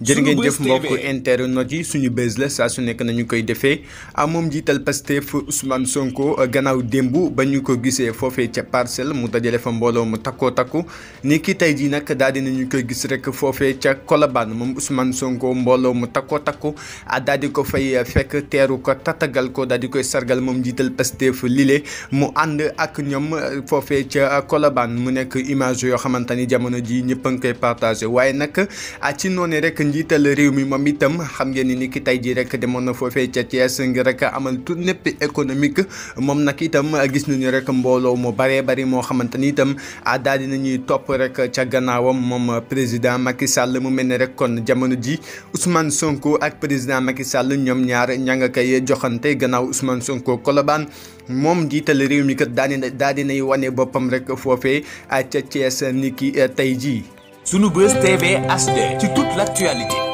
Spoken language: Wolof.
jërë ngeen jëf mbokk internet yi suñu bés la saa su nekk nañu koy defee ah, moom jiital Pastef Ousmane Sonko ah, gannaaw démb ba ñu ko gisee foofee ca parcelle mu dajale fa mbooloo mu takkoo takku ni ki tey jii nag daal di nañu koy gis rek foofee ca Colobane moom Ousmane Sonko mbooloo mu takkoo takku ah, daal di ko fay fekk teeru ko tatagal ko daal di koy sargal moom jiital Pastef lile mu ànd ak ñoom foofee ca Colobane mu nekk image yoo xamante ni jamono ji ñëpp a ngi koy partagé waaye nag ci noonu rek. njiital réew mi moom itam xam ngeen ni ki tey jii rek demoon na foofee ca Thiès ngir rek amal tout népp économique moom nag itam gis nañu rek mbooloo mu baree bari moo xamante ni itam ah daal di nañuy topp rek ca gannaawam moom président Macky Sall mu mel ne rek kon jamono ji Ousmane Sonko ak président Macky Sall ñoom ñaar ña nga koy joxante gannaaw Ousmane Sonko Colobane moom njiital réew mi kat daal daal di nay wane boppam rek foofee ca Thiès ni ki tey jii. Sunubuzz TV HD ci toute l'actualité